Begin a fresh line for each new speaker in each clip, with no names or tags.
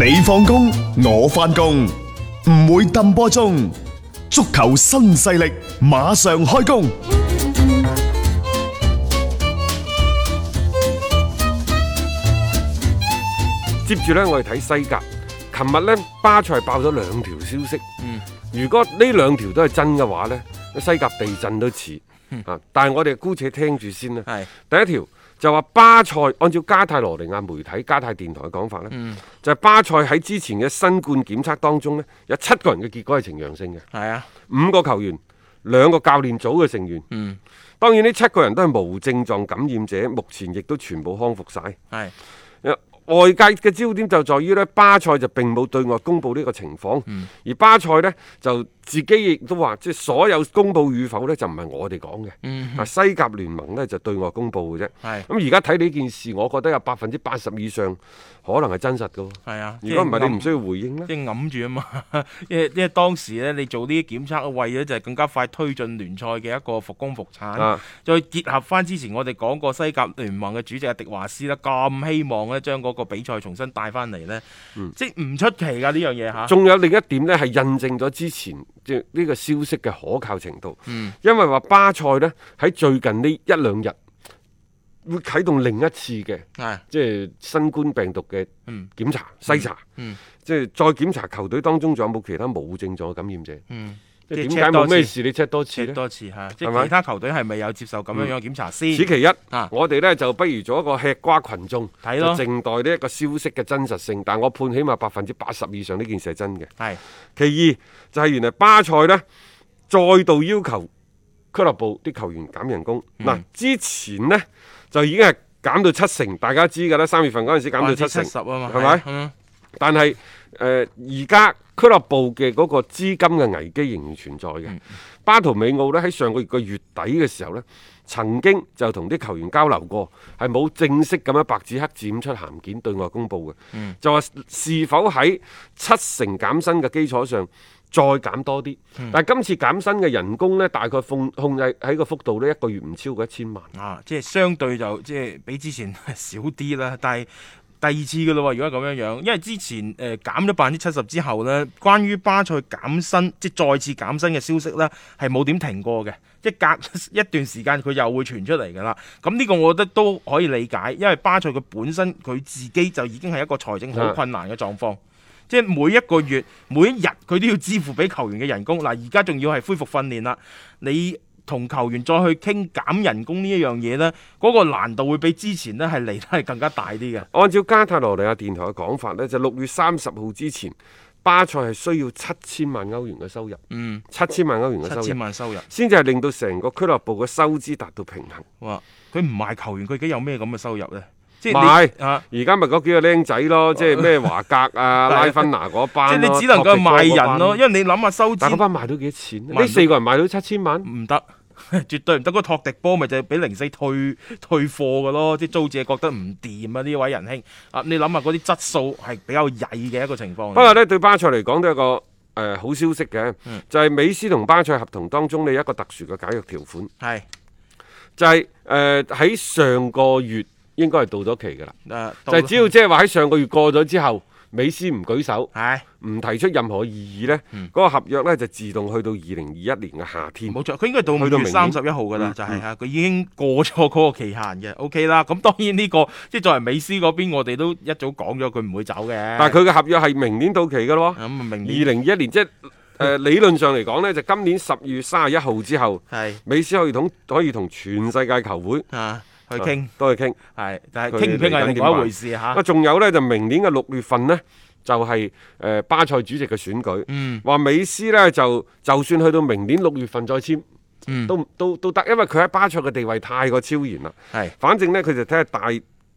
你放工，我翻工，唔會抌波中。足球新勢力馬上開工。
接住咧，我哋睇西甲。琴日咧，巴塞爆咗兩條消息。嗯，如果呢兩條都係真嘅話咧，西甲地震都似。啊、嗯，但係我哋姑且聽住先啦。係第一條。就話巴塞按照加泰羅尼亞媒體、加泰電台嘅講法呢、嗯、就係巴塞喺之前嘅新冠檢測當中呢有七個人嘅結果係呈陽性嘅。係啊，五個球員，兩個教練組嘅成員。嗯，當然呢七個人都係無症狀感染者，目前亦都全部康復晒。係。外界嘅焦點就在於呢，巴塞就並冇對外公布呢個情況，嗯、而巴塞呢，就自己亦都話，即係所有公佈與否呢，就唔係我哋講嘅，啊西甲聯盟呢，就對外公佈嘅啫。咁而家睇呢件事，我覺得有百分之八十以上。可能係真實嘅喎。係啊，如果唔係你唔需要回應
啦，即係揞住啊嘛。因為因為當時咧，你做呢啲檢測為咗就係更加快推進聯賽嘅一個復工復產。啊、再結合翻之前我哋講過西甲聯盟嘅主席迪華斯咧，咁希望咧將嗰個比賽重新帶翻嚟呢，即唔出奇㗎呢樣嘢嚇。仲、啊、
有另一點呢，係印證咗之前即呢個消息嘅可靠程度。嗯、因為話巴塞呢，喺最近呢一兩日。會啟動另一次嘅，即係新冠病毒嘅檢查、嗯、篩查，嗯嗯、即係再檢查球隊當中仲有冇其他冇症狀嘅感染者。嗯、即係點解冇咩事？你
check 多次多次嚇，呢即係其他球隊係咪有接受咁樣嘅檢查先、嗯？此其一、啊、我哋呢就
不如做一個吃瓜羣眾，就靜待呢一個消息嘅真實性。但我判起碼百分之八十以上呢件事係真嘅。係是其二就係、是、原來巴塞呢，再度要求。俱樂部啲球員減人工嗱，嗯、之前呢就已經係減到七成，大家知㗎啦。三月份嗰陣時減到七成七十啊嘛，係咪吧？哎、呀但係誒，而、呃、家俱樂部嘅嗰個資金嘅危機仍然存在嘅。嗯、巴圖美奧呢，喺上個月嘅月底嘅時候呢，曾經就同啲球員交流過，係冇正式咁樣白紙黑字出函件對外公佈嘅，嗯、就話是否喺七成減薪嘅基礎上。再減多啲，但係今次減薪嘅人
工呢，大概控控制喺個幅度咧，一個月唔超過一千萬啊，即係相對就即係比之前少啲啦。但係第二次嘅咯，如果咁樣樣，因為之前誒、呃、減咗百分之七十之後呢，關於巴塞減薪即係再次減薪嘅消息呢，係冇點停過嘅，一隔一段時間佢又會傳出嚟㗎啦。咁呢個我覺得都可以理解，因為巴塞佢本身佢自己就已經係一個財政好困難嘅狀況。即係每一個月、每一日，佢都要支付俾球員嘅人工。嗱，而家仲要係恢復訓練啦。你同球員再去傾減人工呢一樣嘢呢，嗰個難度會比之前呢係嚟得係更加大啲嘅。
按照加泰羅尼亞電台嘅講法呢，就六月三十號之前，巴塞係需要七千萬歐元嘅收入。嗯，七千萬歐元嘅收入，七千萬收入先至係令到成個俱樂部嘅收支達到平衡。哇！佢唔賣球員，佢而家有咩咁嘅收入呢？即係，而家咪嗰幾個僆仔咯，啊、即係咩華格啊、啊拉芬拿嗰班，即係你只能夠賣人咯，因為你諗下收。但班賣、啊、賣到幾多錢？呢四個
人賣到七千萬？唔得，絕對唔得。嗰個托迪波咪就係俾零四退退貨噶咯，即係租借覺得唔掂啊！呢位仁兄，啊，你諗下嗰啲質素係比較曳嘅一個情況。不過
咧，對巴塞嚟講都有一個誒、呃、好消息嘅，嗯、就係美斯同巴塞合同當中你有一個特殊嘅解約條款，係的就係誒喺上個月。應該係到咗期噶啦，就係只要即係話喺上個月過咗之後，美斯唔舉手，唔提出任何異議咧，嗰個合約咧就自動去到二零二一年嘅夏
天。冇錯，佢應該到五月三十一號噶啦，就係啊，佢已經過咗嗰個期限嘅。OK 啦，咁當然呢個即係作為美斯嗰邊，我哋都一早講咗佢唔會走嘅。但係佢嘅合約係明
年到期噶咯，明年二零二一年即係誒理論上嚟講咧，就今年十月三十一號之後，美斯可以同可以同全世界球會，去傾，都去傾，係，但係傾唔傾係另外一回事吓。啊，仲有咧，就明年嘅六月份呢，就係誒巴塞主席嘅選舉。嗯，話美斯呢，就就算去到明年六月份再簽，都都都得，因為佢喺巴塞嘅地位太過超然啦。係，反正呢，佢就睇下大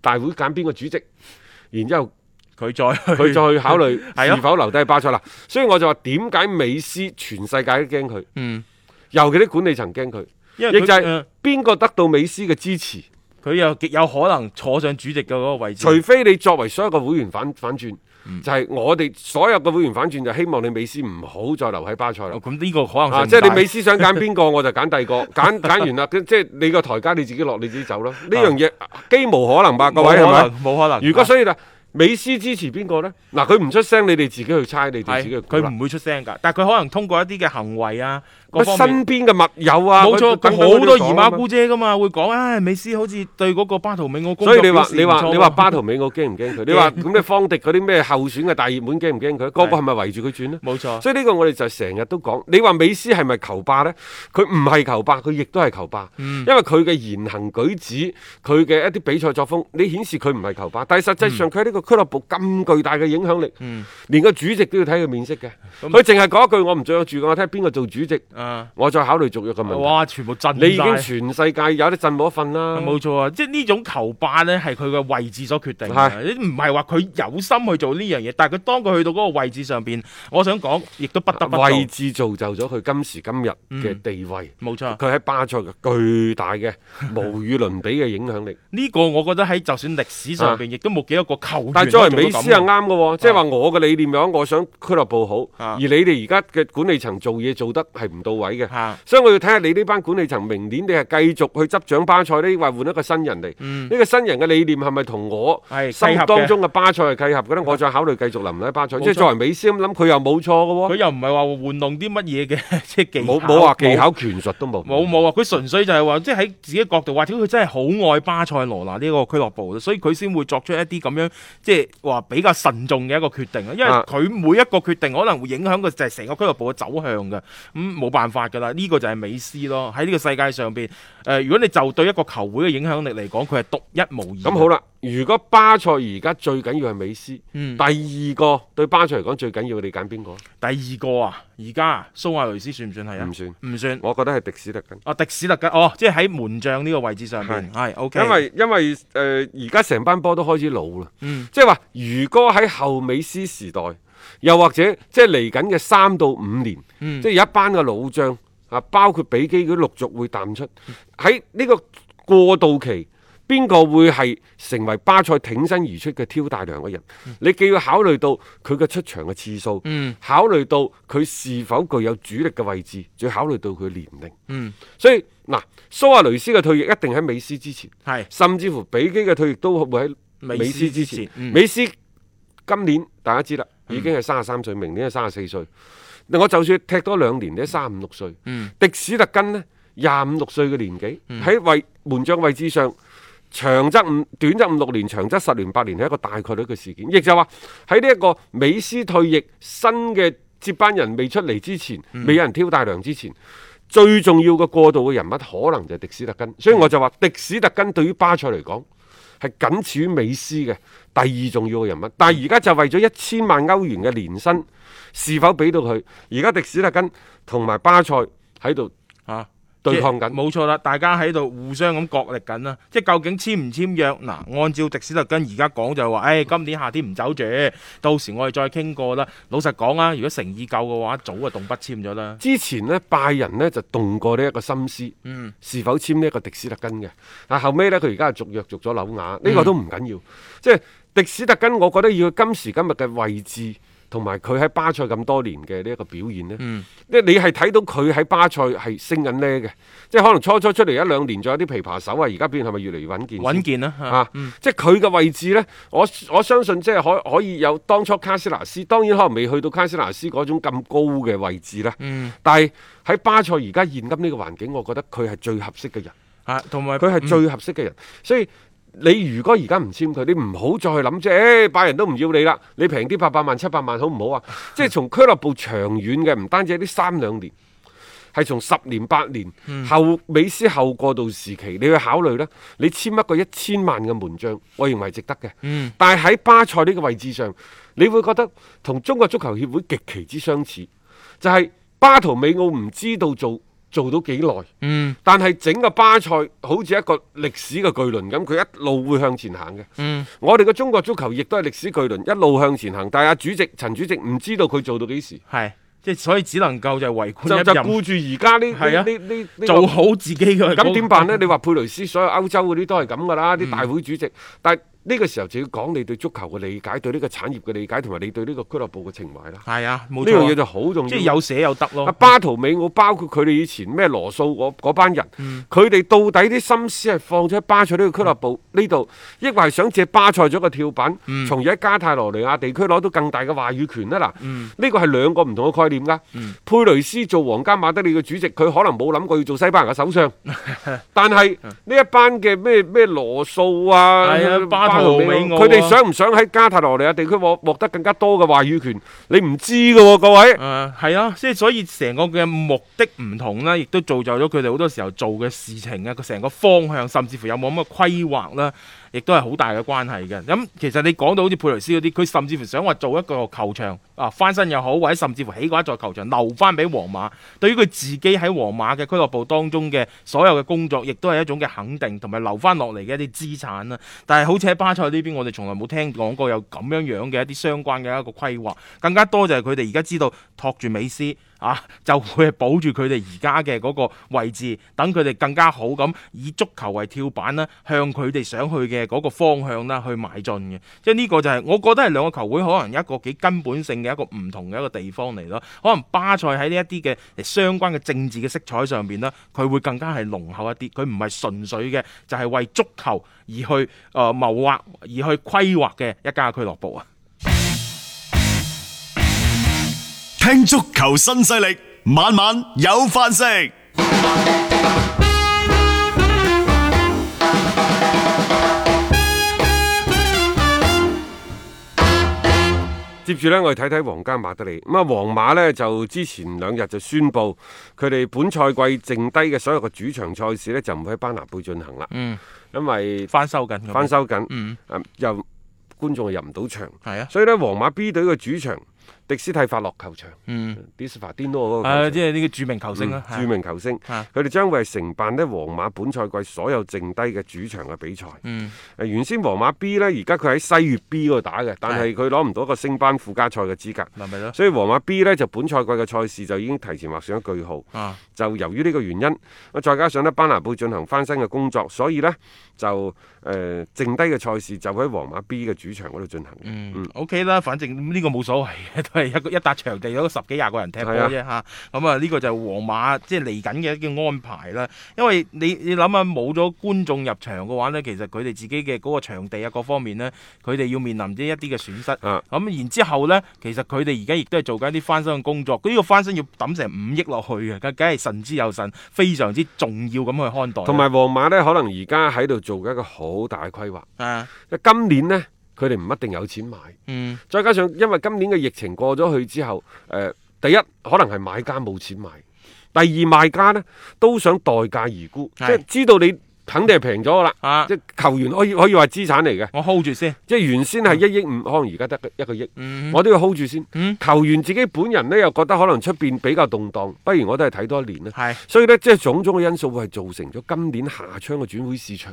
大會揀邊個主席，然之後佢再佢再去考慮是否留低巴塞啦。所以我就話點解美斯全世界都驚佢，嗯，尤其啲管理層驚佢，亦就係邊個得到美斯嘅支持。佢又極有可能坐上主席嘅嗰個位置，除非你作為所有嘅會員反反轉，就係我哋所有嘅會員反轉就希望你美斯唔好再留喺巴塞啦。咁呢個可能即係你美斯想揀邊個，我就揀第二個，揀揀完啦，即係你個台階你自己落，你自己走咯。呢樣嘢機無可能吧，各位係咪？冇可能。如果所以啦，美斯支持邊個呢？嗱，佢唔出聲，你哋
自己去猜，你哋自己去。佢唔會出聲㗎，但係佢可能通過一啲嘅行為啊。我身邊嘅密友啊，冇錯，好多姨媽姑姐噶嘛，會講唉，美斯好似對嗰個巴圖美我，所以你話你話你話巴圖
美我驚唔驚佢？你話咁咩方迪嗰啲咩候選嘅大熱門驚唔驚佢？個個係咪圍住佢轉呢？冇錯。所以呢個我哋就成日都講，你話美斯係咪球霸呢？佢唔係球霸，佢亦都係球霸，因為佢嘅言行舉止、佢嘅一啲比賽作風，你顯示佢唔係球霸，但係實際上佢喺呢個俱樂部咁巨大嘅影響力，連個主席都要睇佢面色嘅。佢淨係講一句，我唔做我主席，我睇下邊個做主席。啊、我再考慮續約嘅問題。哇！
全部震，你已經全世界有啲震咗一份啦。冇錯啊，即係呢種球霸呢，係佢嘅位置所決定。係是，唔係話佢有心去做呢樣嘢，但係佢當佢去到嗰個位置上邊，我想講，亦都不得不。位置
造就咗佢
今時今日嘅地
位。冇錯、嗯，佢喺、啊、巴塞嘅巨大嘅無與倫比嘅影響力。呢 個我
覺得喺就算歷史上邊，亦都冇幾多個球。但作為美斯係
啱嘅喎，即係話我嘅理念樣，我想俱樂部好。啊、而你哋而家嘅管理層做嘢做得係唔到。到位嘅，啊、所以我要睇下你呢班管理層明年你係繼續去執掌巴塞呢，或換一個新人嚟？呢、嗯、個新人嘅理念係咪同我心,心當中嘅巴塞係契合？跟住的我再考慮繼續唔喺巴塞。錯即係作為
美師咁諗，佢又冇錯嘅喎。佢錯又唔係話玩弄啲乜嘢嘅，即係技巧。冇冇話技巧、權術都冇。冇冇，佢純粹就係話，即係喺自己角度，或者佢真係好愛巴塞羅那呢個俱樂部，所以佢先會作出一啲咁樣，即係話比較慎重嘅一個決定。因為佢每一個決定，可能會影響個就係成個俱樂部嘅走向嘅。咁、嗯、冇辦。辦法噶啦，呢個就係美斯咯。喺呢個世界上邊，誒、呃，如果你就對一個球會嘅影響力嚟講，佢係獨一無二。咁好啦，如果巴塞而家最緊要係美斯，第二個對巴塞嚟講最緊要你，你揀邊個？第二個啊，而家蘇亞雷斯算唔算係啊？唔算，唔算。我覺得係迪斯特根、啊。哦，迪斯特根哦，即係喺門將呢個位置上邊係。係。哎、okay。因為因為
誒，而家成班波都開始老啦。嗯，即係話，如果喺後美斯時代。又或者即係嚟緊嘅三到五年，即係有一班嘅老將啊，包括比基嗰啲陸續會淡出。喺呢個過渡期，邊個會係成為巴塞挺身而出嘅挑大梁嘅人？你既要考慮到佢嘅出場嘅次數，考慮到佢是否具有主力嘅位置，再考慮到佢年齡。所以嗱，蘇亞雷斯嘅退役一定喺美斯之前，甚至乎比基嘅退役都會喺美斯之前。美斯今年大家知啦。已經係三十三歲，明年係三十四歲。我就算踢多兩年，都三五六歲。嗯、迪斯特根呢，廿五六歲嘅年紀，喺位、嗯、門將位置上，長則五，短則五六年，長則十年八年，係一個大概率嘅事件。亦就話喺呢一個美斯退役，新嘅接班人未出嚟之前，嗯、未有人挑大梁之前，最重要嘅過渡嘅人物，可能就係迪斯特根。所以我就話，嗯、迪斯特根對於巴塞嚟講，係僅次於美斯嘅第二重要嘅人物，但係而家就為咗一千萬歐元嘅年薪，是否俾到佢？而家迪斯特根同埋巴塞喺度
嚇。啊對抗緊，冇錯啦！大家喺度互相咁角力緊啦。即係究竟簽唔簽約？嗱，按照迪斯特根而家講就係話，誒今年夏天唔走住，到時我哋再傾過啦。老實講啦，如果誠意夠嘅話，早就動筆簽咗啦。
之前呢，拜仁呢就動過呢一個心思，嗯，是否簽呢一個迪斯特根嘅？但後尾呢，佢而家續約續咗紐雅，呢、呢個都唔緊要。嗯、即係迪斯特根，我覺得要今時今日嘅位置。同埋佢喺巴塞咁多年嘅呢一個表現呢、嗯，即你係睇到佢喺巴塞係升緊呢嘅，即係可能初初出嚟一兩年仲有啲琵琶手啊，而家變係咪越嚟越穩健？穩健啦、啊嗯啊、即係佢嘅位置呢，我我相信即係可可以有當初卡斯拿斯，當然可能未去到卡斯拿斯嗰種咁高嘅位置啦。嗯、但係喺巴塞而家現今呢個環境，我覺得佢係最合適嘅人嚇，同埋佢係最合適嘅人，所以。你如果而家唔簽佢，你唔好再去諗啫。拜仁都唔要你啦，你平啲八百萬七百萬好唔好啊？嗯、即係從俱樂部長遠嘅，唔單止係呢三兩年，係從十年八年後美斯後過渡時期，你去考慮咧。你簽一個一千萬嘅門將我認為值得嘅。嗯、但係喺巴塞呢個位置上，你會覺得同中國足球協會極其之相似，就係、是、巴圖美奧唔知道做。做到幾耐？嗯，但係整個巴塞好似一個歷史嘅巨輪咁，佢一路會向前行嘅。嗯，我哋嘅中國足球亦都係歷史巨輪一路向前行，但係啊，主席陳主席唔知道佢做到幾時，係即係所以只能夠就係為官一任，就就顧住而家呢呢呢做好自己嘅。咁點辦呢？ 你話佩雷斯所有歐洲嗰啲都係咁噶啦，啲、嗯、大會主席，但係。呢個時候就要講你對足球嘅理解，對呢個產業嘅理解，同埋你對呢個俱樂部嘅情懷啦。係啊，呢樣嘢就好重要，即係有捨有得咯。巴圖美奧包括佢哋以前咩羅素嗰班人，佢哋到底啲心思係放咗喺巴塞呢個俱樂部呢度，抑或係想借巴塞做個跳板，從而喺加泰羅尼亞地區攞到更大嘅話語權啊！嗱，呢個係兩個唔同嘅概念㗎。佩雷斯做皇家馬德里嘅主席，佢可能冇諗過要做西班牙嘅首相，但係呢一班嘅咩咩羅素啊，佢哋想唔想喺加泰羅尼亞地區獲獲得更加多嘅話語權？
你唔知嘅喎、啊，各位。係、嗯、啊，即係所以成個嘅目的唔同啦，亦都造就咗佢哋好多時候做嘅事情啊，個成個方向，甚至乎有冇咁嘅規劃啦。亦都係好大嘅關係嘅。咁、嗯、其實你講到好似佩雷斯嗰啲，佢甚至乎想話做一個球場啊，翻身又好，或者甚至乎起過一座球場留翻俾皇馬。對於佢自己喺皇馬嘅俱樂部當中嘅所有嘅工作，亦都係一種嘅肯定同埋留翻落嚟嘅一啲資產啦。但係好似喺巴塞呢邊，我哋從來冇聽講過有咁樣樣嘅一啲相關嘅一個規劃，更加多就係佢哋而家知道托住美斯。啊，就會保住佢哋而家嘅嗰個位置，等佢哋更加好咁以足球為跳板啦，向佢哋想去嘅嗰個方向啦去邁進嘅。即係呢個就係、是、我覺得係兩個球會可能一個幾根本性嘅一個唔同嘅一個地方嚟咯。可能巴塞喺呢一啲嘅相關嘅政治嘅色彩上邊啦，佢會更加係濃厚一啲，佢唔係純粹嘅就係、是、為足球而去誒、呃、謀劃、而去規劃嘅一家俱樂部啊。聽足球新勢力，晚晚有飯食。
接住呢，我哋睇睇皇家馬德里。咁啊，皇馬呢，就之前兩日就宣布，佢哋本賽季剩低嘅所有嘅主場賽事呢，就唔會喺班拿貝進行啦。嗯，因為
翻收緊，翻收
緊，嗯，又觀眾又入唔到場。係啊，所以呢，皇馬 B 隊嘅主場。迪斯泰法洛球場，嗯，迪斯法顛諾嗰個球場，啊、即係呢個
著名球星啦，啊，嗯、著名
球星，佢哋將會係承辦咧皇馬本賽季所有剩低嘅主場嘅比賽，嗯呃，原先皇馬 B 呢，而家佢喺西乙 B 嗰度打嘅，但係佢攞唔到一個升班附加賽嘅資格，啊、所以皇馬 B 呢，就本賽季嘅賽事就已經提前畫上一句號，啊、就由於呢個原因，再加上咧班拿貝進行翻新嘅工作，所以呢，就誒、呃、剩低嘅賽事就喺皇馬 B 嘅主場嗰度進行
，OK 啦，嗯嗯、okay, 反正呢個冇所謂 一個一笪場地有個十幾廿個人踢波啫吓，咁啊呢、啊嗯，這個就係皇馬即係嚟緊嘅一啲安排啦。因為你你諗下冇咗觀眾入場嘅話呢，其實佢哋自己嘅嗰個場地啊各方面呢，佢哋要面臨啲一啲嘅損失。咁、啊嗯、然之後咧，其實佢哋而家亦都係做緊一啲翻新嘅工作。佢、這、呢個翻身要抌成五億落去嘅，咁梗係慎之又慎，非常之重要咁去看待。同埋
皇馬呢，可能而家喺度做緊一個好大嘅規劃。啊，今年呢。佢哋唔一定有錢買，再加上因為今年嘅疫情過咗去之後，誒，第一可能係買家冇錢買，第二賣家呢都想待價而沽，即係知道你肯定係平咗啦，即係球員可以可以話資產嚟嘅，我 hold 住先，即係原先係一億五，可能而家得一個億，我都要 hold 住先。球員自己本人呢又覺得可能出邊比較動盪，不如我都係睇多一年啦。所以呢，即係種種嘅因素會係造成咗今年夏窗嘅轉會市場。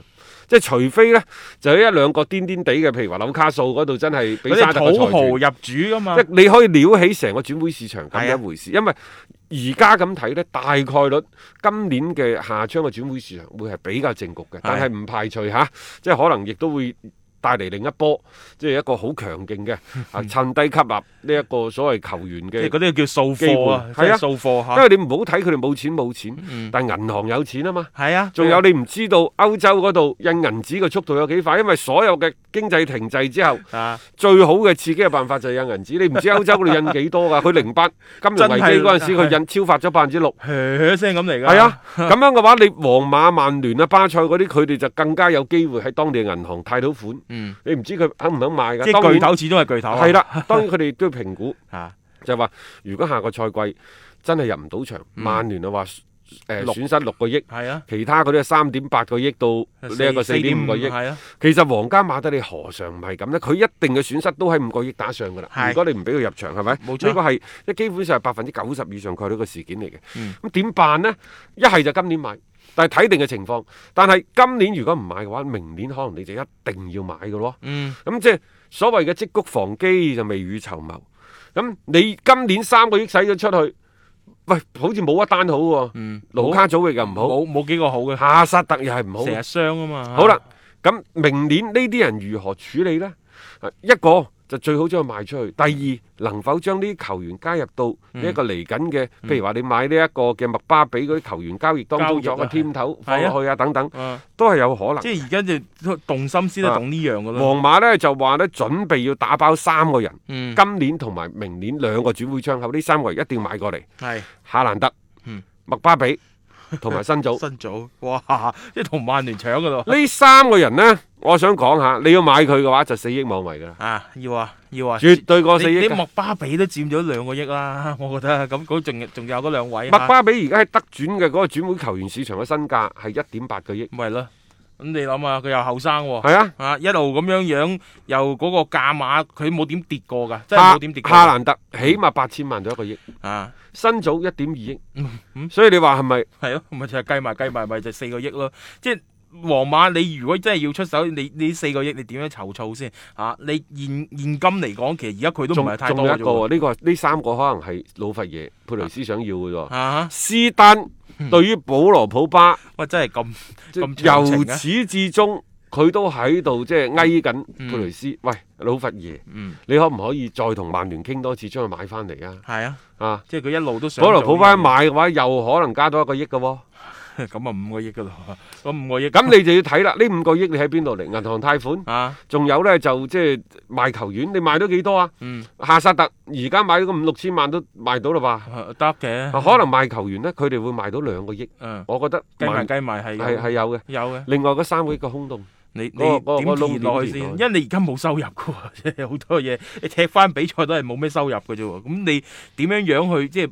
即係除非呢，就有一兩個癲癲地嘅，譬如話紐卡素嗰度真係俾沙特個財主，土豪入主啊嘛，即你可以撩起成個轉會市場咁一回事。啊、因為而家咁睇呢，大概率今年嘅夏窗嘅轉會市場會係比較靜局嘅，但係唔排除嚇，即係可能亦都會。帶嚟另一波，即係一個好強勁嘅，嗯、啊，趁低吸納呢一個所謂球員嘅，嗰啲
叫掃貨係啊，掃貨。因為
你唔好睇佢哋冇錢冇錢，嗯、但係銀行有錢啊嘛。係啊，仲有你唔知道歐洲嗰度印銀紙嘅速度有幾快，因為所有嘅經濟停滯之後，啊、最好嘅刺激嘅辦法就係印銀紙。你唔知歐洲嗰度印幾多噶，佢零八金融危機嗰陣時，佢印超發咗百分之六，
聲咁嚟噶。係啊，
咁 樣嘅話，你皇馬、曼聯啊、巴塞嗰啲，佢哋就更加有機會喺當地嘅銀行貸到款。嗯，你唔知佢肯唔肯買噶，即係巨頭始終係巨頭。係啦，當然佢哋都要評估吓，就係話如果下個賽季真係入唔到場，曼聯啊話誒損失六個億，係啊，其他嗰啲三點八個億到呢一個四點五個億，係啊，其實皇家馬德里何嘗唔係咁呢？佢一定嘅損失都喺五個億打上噶啦。如果你唔俾佢入場，係咪？冇錯。呢個係即基本上係百分之九十以上概率嘅事件嚟嘅。嗯，咁點辦咧？一係就今年買。但係睇定嘅情況，但係今年如果唔買嘅話，明年可能你就一定要買嘅咯，嗯嗯。嗯，咁即係所謂嘅積谷防饑就未雨綢繆。咁你今年三個億使咗出去，喂，好似冇一單好喎。嗯，盧卡祖亦又唔好，冇冇幾個好嘅，夏薩特又係唔好，成日傷啊嘛。好啦，咁明年呢啲人如何處理咧？一個。就最好將佢賣出去。第二，能否將呢啲球員加入到一個嚟緊嘅，譬如話你買呢一個嘅麥巴比嗰啲球員交易當中作個添頭放入去啊等等，都係有可能。即係而
家就動心思都懂呢樣嘅咯。皇馬
呢就話呢準備要打包三個人，今年同埋明年兩個轉會窗口呢三個一定要買過嚟。係，哈蘭德，麥巴比。同埋新組，
新組，哇！即係同曼聯搶噶咯。呢三
個人咧，我想講下，你要買佢嘅話，就四億冇遺噶啦。啊，要啊，
要啊，絕對過四億你。你麥巴比都佔咗兩個億啦，我覺得。咁仲有仲有嗰兩位。麥巴比而家喺
德轉嘅嗰、嗰個轉會球員市場嘅身價係一點八個億。咪咯。
咁你諗下，佢又後生喎，係啊，啊一路咁樣樣，由嗰個價碼，佢冇點跌過噶，哈真係冇點跌過。哈蘭德起碼八千萬到一個億，啊，新早一點二億，嗯嗯、所以你話係咪係咯，咪、啊、就係計埋計埋咪就四個億咯。即係皇馬，你如果真係要出手，你你四個億，你點樣籌措先啊？你現現金嚟講，其實而家佢都唔係太多咗。仲一個呢、這個
呢三個可能係老佛爺、佩雷斯，想要嘅啫。斯丹、啊。啊對於保羅普巴，喂真係咁，
就啊、由始
至終佢都喺度即係嗌緊佩雷斯。嗯、喂老佛爺，嗯、你可唔可以再同曼聯傾多次將佢買翻嚟啊？係啊，啊即係佢一路都想保羅普巴一買嘅話，啊、又可能加多一個億嘅喎。咁啊，五個億噶咯，咁五個億。咁你就要睇啦，呢五個億你喺邊度嚟？銀行貸款？啊，仲有咧就即係賣球員，你賣到幾多啊？嗯，夏薩特而家買咗個五六千萬都賣到嘞吧？得嘅。可能賣球員咧，佢哋會賣到兩個億。嗯，我覺得計埋計埋係，係係有嘅。有嘅。另外嗰三個億個空洞，你你點填落去先？
因為你而家冇收入噶喎，好多嘢你踢翻比賽都係冇咩收入噶啫喎。咁你點樣樣去即係？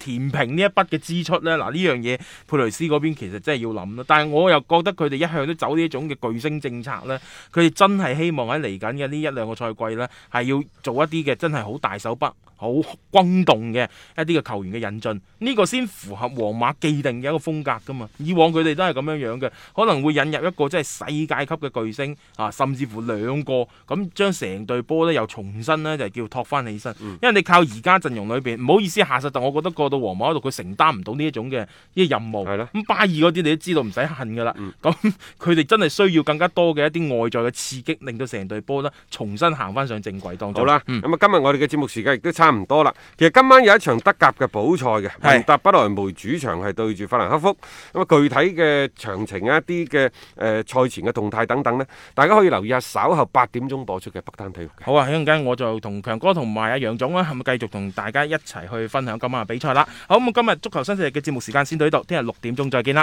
填平呢一筆嘅支出呢，嗱呢樣嘢佩雷斯嗰邊其實真係要諗啦。但係我又覺得佢哋一向都走呢一種嘅巨星政策呢，佢哋真係希望喺嚟緊嘅呢一兩個賽季呢，係要做一啲嘅真係好大手筆、好轟動嘅一啲嘅球員嘅引進，呢個先符合皇馬既定嘅一個風格㗎嘛。以往佢哋都係咁樣樣嘅，可能會引入一個真係世界級嘅巨星啊，甚至乎兩個，咁將成隊波呢，又重新呢，就係叫托翻起身。因為你靠而家陣容裏邊，唔好意思，下實我覺得個，到皇馬度，佢承擔唔到呢一種嘅呢任務。咁的巴爾嗰啲你都知道唔使恨噶啦。咁佢哋真係需要更加多嘅一啲外在嘅刺激，令到成隊波咧重新行翻上正軌。當中。好
啦。咁啊、嗯，今日我哋嘅節目時間亦都差唔多啦。其實今晚有一場德甲嘅補賽嘅，雲達不來梅主場係對住法蘭克福。咁啊是，具體嘅詳情一啲嘅誒賽前嘅動態等等呢，大家可以留意下，稍後八點鐘播出嘅北單體育。
好啊，一陣間我就同強哥同埋阿楊總啊，係咪繼續同大家一齊去分享今晚嘅比賽啦？好，咁今日足球新勢力嘅節目時間先到呢度，聽日六點鐘再見啦。